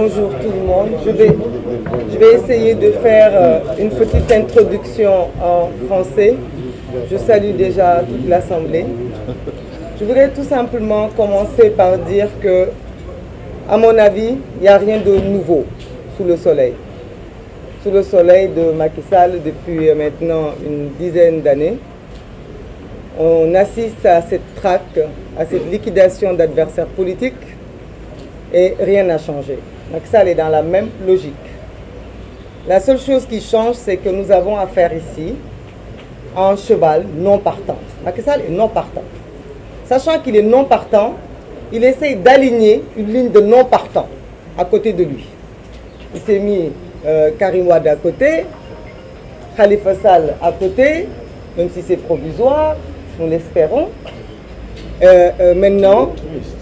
bonjour tout le monde. Je vais, je vais essayer de faire euh, une petite introduction en français. Je salue déjà toute l'Assemblée. Je voudrais tout simplement commencer par dire que, à mon avis, il n'y a rien de nouveau sous le soleil. Sous le soleil de Macky Sall depuis euh, maintenant une dizaine d'années, on assiste à cette traque, à cette liquidation d'adversaires politiques et rien n'a changé. Macky Sall est dans la même logique. La seule chose qui change, c'est que nous avons affaire ici à un cheval non partant. Macky Sall est non partant. Sachant qu'il est non partant, il essaye d'aligner une ligne de non partant à côté de lui. Il s'est mis euh, Karim Wade à côté, Khalifa Sall à côté, même si c'est provisoire, nous l'espérons. Euh, euh, maintenant,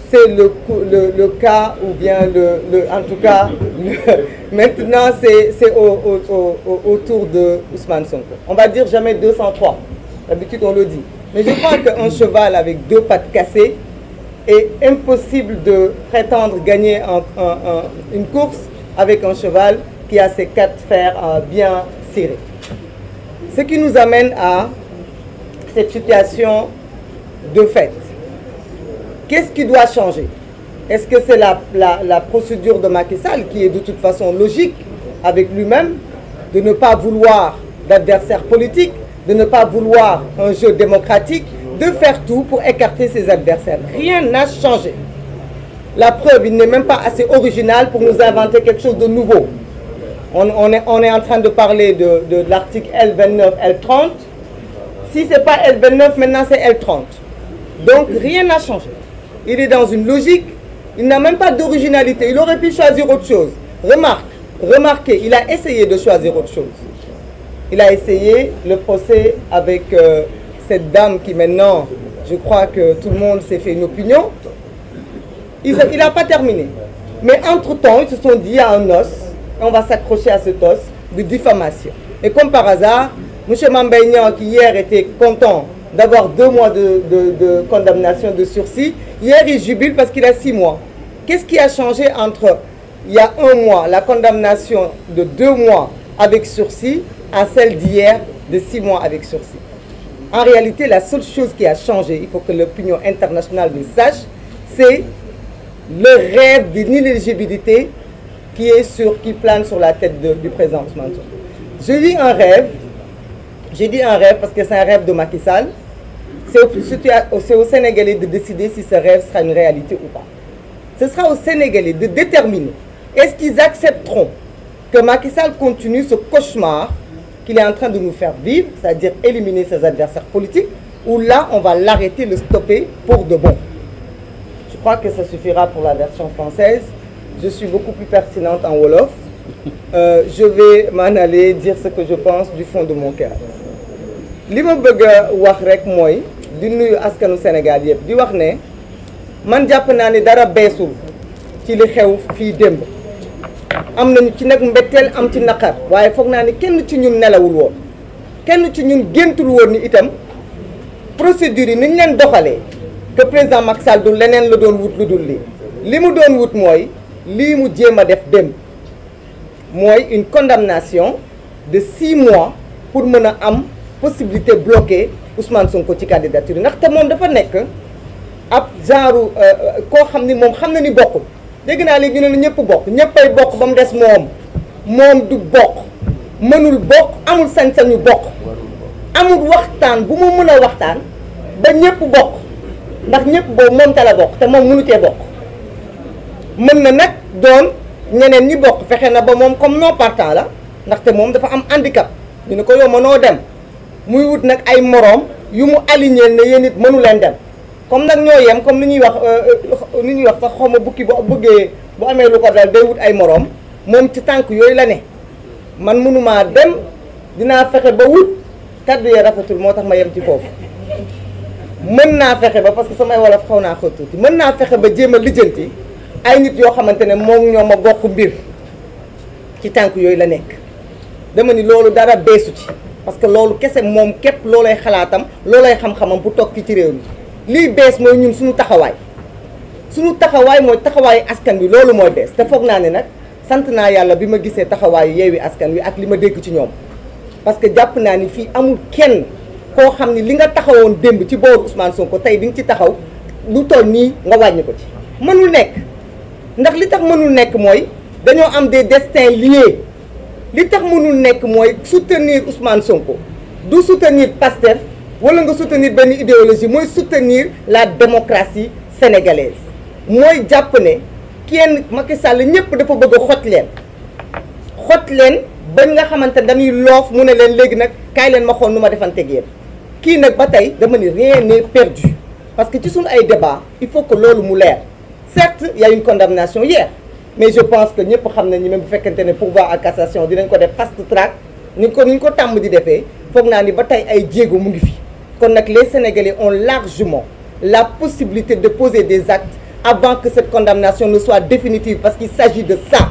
c'est le, le, le, cas ou bien le, le en tout cas maintenant c'est au, au, au, autour de Ousmane Sonko. On va dire jamais 203. D'habitude on le dit. Mais je crois qu'un cheval avec deux pattes cassées est impossible de prétendre gagner un, un, un, une course avec un cheval qui a ses quatre fers bien cirés. Ce qui nous amène à cette situation de fait. Qu'est-ce qui Est-ce que c'est la, la, la, procédure de Macky Sall qui est de toute façon logique avec lui-même de ne pas vouloir d'adversaire de ne pas vouloir un jeu démocratique, de faire tout pour écarter n'a changé. La preuve, il n'est même pas de nouveau. On, de parler L29, L30. Si ce n'est pas L29, maintenant c'est Il est dans une logique. Il n'a même pas d'originalité. Il aurait pu choisir autre chose. Remarque, remarquez, il a essayé de choisir autre chose. Il a essayé le procès avec euh, cette dame qui maintenant, je crois que tout le monde s'est fait une opinion. Il n'a pas terminé. Mais entre-temps, ils se sont dit à un os, on va s'accrocher à cet os de diffamation. Et comme par hasard, M. Mambaignan, qui hier était content d'avoir deux mois de, de, de condamnation de sursis. Hier, il jubile parce qu'il a six mois. Qu'est-ce qui a changé entre, il y a un mois, la condamnation de deux mois avec sursis à celle d'hier de six mois avec sursis En réalité, la seule chose qui a changé, il faut que l'opinion internationale le sache, c'est le rêve d'une inéligibilité qui, plane sur la tête de, du président Ousmane Je dis j'ai dit un rêve parce que c'est un rêve de Macky C'est au, au Sénégalais de décider si ce rêve sera une réalité ou pas. Ce sera aux Sénégalais de déterminer est-ce qu'ils accepteront que Macky Sall continue ce cauchemar qu'il est en train de nous faire vivre, c'est-à-dire éliminer ses adversaires politiques, ou là, on va l'arrêter, le stopper pour de bon. Je crois que ça suffira pour la version française. Je suis beaucoup plus pertinente en Wolof. Euh, je vais m'en aller dire ce que je pense du fond de mon cœur. li ma bëgg a wax rek mooy di nuyu askanu Sénégal yëpp di wax ne man jàpp naa ni dara beesul ci li xew fii démb am nañu ci nag mbetteel am ci naqar waaye foog naa ni kenn ci ñun nelawul woon kenn ci ñun géntul woon ni itam procédure yi ni ñu leen doxalee que président Macky du leneen la doon wut lu dul lii li mu doon wut mooy lii mu jéem a def démb mooy une condamnation de six mois pour mën a am possibilité bloquer Ousmane ko ci candidature ndax te moom dafa nekk ab genre euh, euh, koo xam ni moom xam na ni bokkul dégg naa léegi ñu ne la ñëpp bokk ñëppay bokk ba mu des moom moom du bokk mënul bokk amul sañ-sañu bokk amul waxtaan bu mu mën a waxtaan ba ñëpp bokk ndax ñëpp boobu moom ta la te moom mënu cee bokk mën na nag doon ñeneen ñi bokk fexe na ba moom comme non partant la ndaxte moom dafa am handicap ñu ne ko yow mënoo dem muy wut nag ay moroom yu mu aligné ne yéen it mënu leen dem comme nag ñoo yem comme ni ñuy wax euh, ni ñuy wax sax xaw ma bukki bu bëggee bu amee lu ko dal day wut ay moroom moom ci tànk yooyu la ne man mënumaa dem dinaa fexe ba wut kaddu yee rafetul moo tax ma yem ci foofu mën naa fexe ba parce que samay wolof xaw naa xóot tuuti mën naa fexe ba jéem a lijjanti ay nit yoo xamante ne moom ñoo ma bokk mbir ci tànk yooyu la nekk dama ni loolu dara beesu ci parce que loolu kese moom képp loolay xalaatam loolay xam-xamam bu toog fii ci réew mi lii bees mooy ñun suñu taxawaay suñu taxawaay mooy taxawaayu askan wi loolu mooy bees te foog naa ne nag sant naa yàlla bi ma gisee taxawaayu yeewi askan wi ak li ma dégg ci ñoom parce que jàpp naa ni fii amul kenn koo xam ni li nga taxawoon démb ci booru Ousmane ko tey bi nga ci taxaw lu toll nii nga wàññi ko ci mënul nekk ndax li tax mënul nekk mooy dañoo am des destins liés li tax mënul nekk mooy soutenir Ousmane Sonko du soutenir Pastef wala nga soutenir benn idéologie mooy soutenir la démocratie sénégalaise mooy jàpp ne kenn Macky Sall ñëpp dafa bëgg a xot leen xot leen bañ nga xamante dañuy loof mu ne leen léegi nag kaay leen ma xool nu ma defanteeg yéen kii nag ba tey dama ni rien n'est perdu parce que ci suñu ay débat il faut que loolu mu leer certes il y condamnation hier mais je pense que ñëpp xam na même bu fekkente ne pourvoi à cassation dinañ ko def fast track ni ko ni ñu ko tàmm di defee foog naa ni ba tey ay jéego mu ngi fi kon nag les Sénégalais ont largement la possibilité de poser des actes avant que cette condamnation ne soit définitive parce qu'il s'agit de ça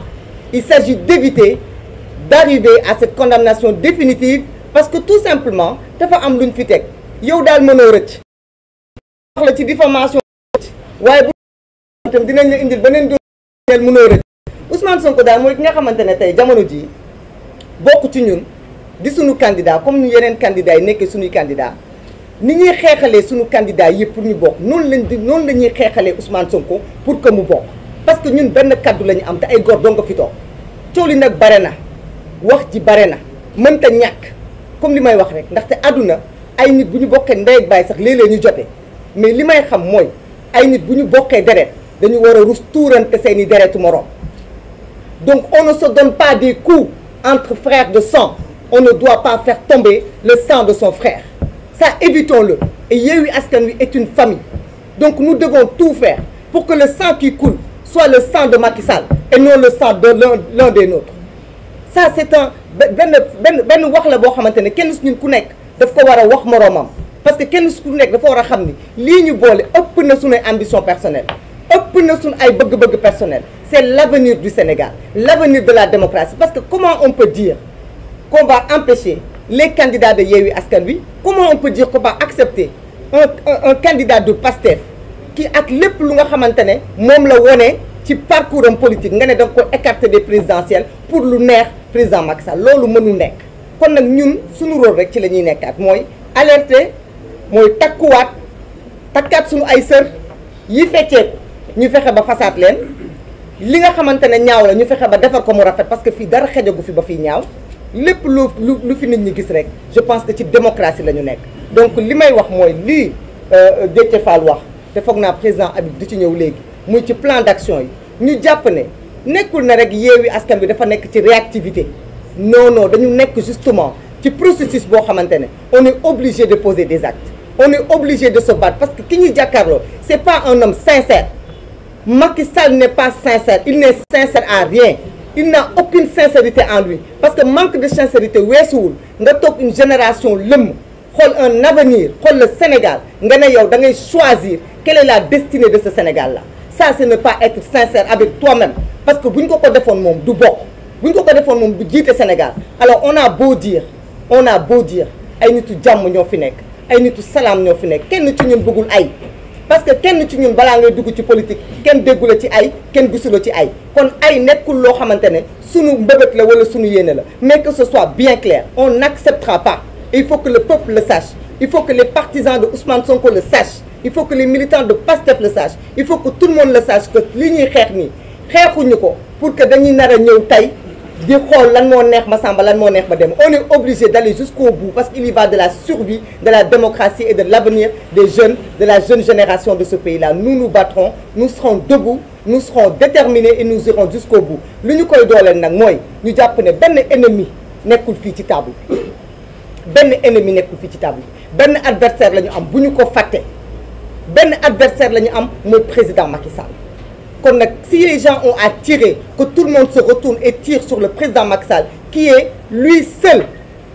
il s'agit d'éviter d'arriver à cette condamnation définitive parce que tout simplement dafa am luñ fi teg yow daal mënoo rëcc wax la teel mënoo rek Ousmane Sonko daal mooy ki nga xamante ne tey jamono jii bokk ci ñun di suñu candidat comme ñu yeneen candidat yi nekkee suñuy candidat ni ñuy xeexalee suñu candidat yëpp pour ñu bokk noonu lañ di noonu la ñuy xeexalee Ousmane Sonko pour que mu bokk parce que ñun benn kaddu lañu am te ay gor doo ko fi toog coow li nag bare na wax ji bare na mënta ñàkk comme li may wax rek ndaxte àdduna ay nit bu ñu bokkee ndey ak sax léeg-léeg ñu jotee mais li may xam mooy ay nit bu ñu bokkee deret dañu war a rus tuurante seen i deretu morom donc on ne se donne pas des coups entre frères de sang on ne doit pas faire tomber le sang de son frère ça évitons-le et Yewwi Askan Wi et une famille donc nous devons tout faire pour que le sang qui coule soit le sang de Macky Sall et non le sang de l'un des nôtres ça c'est un benn benn benn wax la boo xamante ne kenn su ñu ku nekk daf ko war a wax moroomam parce que kenn su ku nekk dafa war a xam ni lii ñu boole ëpp na suñu ambition personnelle ëpp na suñ ay bëgg-bëgg personnel c'est l'avenir du Sénégal l'avenir de la démocratie parce que comment on peut dire qu'on va empêcher les candidats de Askan Wi comment on peut dire qu'on va accepter un, un, un candidat de ak lépp lu nga xamante ne moom la wone ci parcours am politique nga ne danga ko écarter des présidentielles pour lu neex président Macky Sall loolu mënul nekk kon nag ñun suñu rôle rek ci la ñuy nekkaat mooy alerter mooy takkuwaat takkaat suñu ay sër yi fecceeku ñu fexe ba fasaat leen li nga xamante ne ñaaw la ñu fexe ba defar ko mu rafet parce que fii dara xejagu fi ba fii ñaaw lépp lu lu fi nit ñi gis rek je pense que ci démocratie la ñu nekk. donc li may wax mooy lii euh, Déthié Fall wax te foog naa président Habib di ci ñëw léegi muy ci plan d'action yi ñu jàpp ne nekkul na rek yeewi askan bi dafa nekk ci réactivité non non dañu nekk justement ci processus boo xamante ne on est obligé de poser des actes on de se parce que ki ñuy jàkkaarloo c'est pas un homme sincère. Macky Sall n'est pas sincère il n'est sincère en rien il n'a aucune sincérité en lui parce que manque de sincérité weesuwul nga toog une génération lëmm xool un avenir xool le Sénégal nga ne yow da ngay choisir quelle est la destinée de ce Sénégal là ça c'est ne pas être sincère avec toi-même parce que bu ñu ko ko defoon moom du bokk bu ñu ko ko defoon moom du jiite Sénégal alors on a beau dire on a beau dire ay nitu jàmm ñoo fi nekk ay nitu salaam ñoo fi nekk kenn ci ñun bëggul ay parce que kenn ci ñun balaa ngay dugg ci politique kenn déggu la ci ay kenn gisula ci ay kon ay nekkul loo xamante ne sunu mbëbët la wala sunu yéene la mais que ce soit bien clair on n'acceptera pas il faut que le peuple le sache il faut que les partisans de Ousmane Sonko le sachent il faut que les militants de PASTEF le sachent il faut que tout le monde le sache que li ñuy xeex nii xeexuñu ko pour que dañuy nar a ñëw tey di xool lan moo neex ma samba lan moo neex ma dem on est obligé d'aller jusqu'au bout parce qu'il y va de la survie de la démocratie et de l'avenir des jeunes de la jeune génération de ce pays-là nous nous battrons nous serons debout nous serons déterminés et nous irons jusqu'au bout lu ñu koy dooleel nag mooy ñu jàpp ne benn ennemi nekkul fii ci table benn ennemi nekkul fii ci table benn adversaire la ñu am bu ñu ko fàtte benn adversaire la ñu am mooy président Macky Sall kon nag si les gens ont à tirer que tout le monde se retourne et tire sur le président Macky Sall qui est lui seul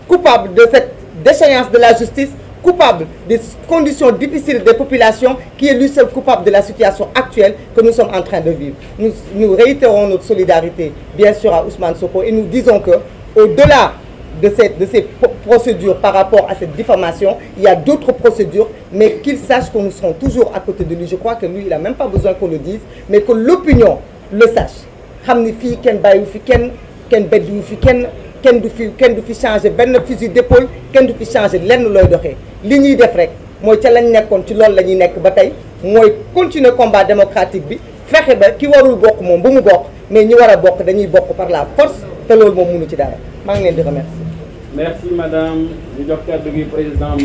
coupable de cette déchéance de la justice coupable des conditions difficiles des populations qui est lui seul coupable de la situation actuelle que nous sommes en train de vivre nous nous réitérons notre solidarité bien sûr à Ousmane Sonko et nous disons que au-delà de, cette, de ces procédures par rapport à cette diffamation. Il y a d'autres procédures, mais qu'il sache que nous serons toujours à côté de lui. Je crois que lui, il n'a même pas besoin qu'on le dise, mais que l'opinion le sache. xam ni fii kenn bàyyiwu fi kenn kenn beddiwu fii kenn kenn du fii kenn du fi changé benn fusil d'épaule kenn du fi changé lenn looy doxee li ñuy def rek mooy ca nekkoon ci loolu la ñuy nekk ba tey mooy continuer combat démocratique bi fexe ba ki warul bokk moom bu mu bokk mais ñi war a bokk dañuy bokk par la force te loolu moom ci dara maa ngi leen di remercier merci madame ñu jox kàddu gi président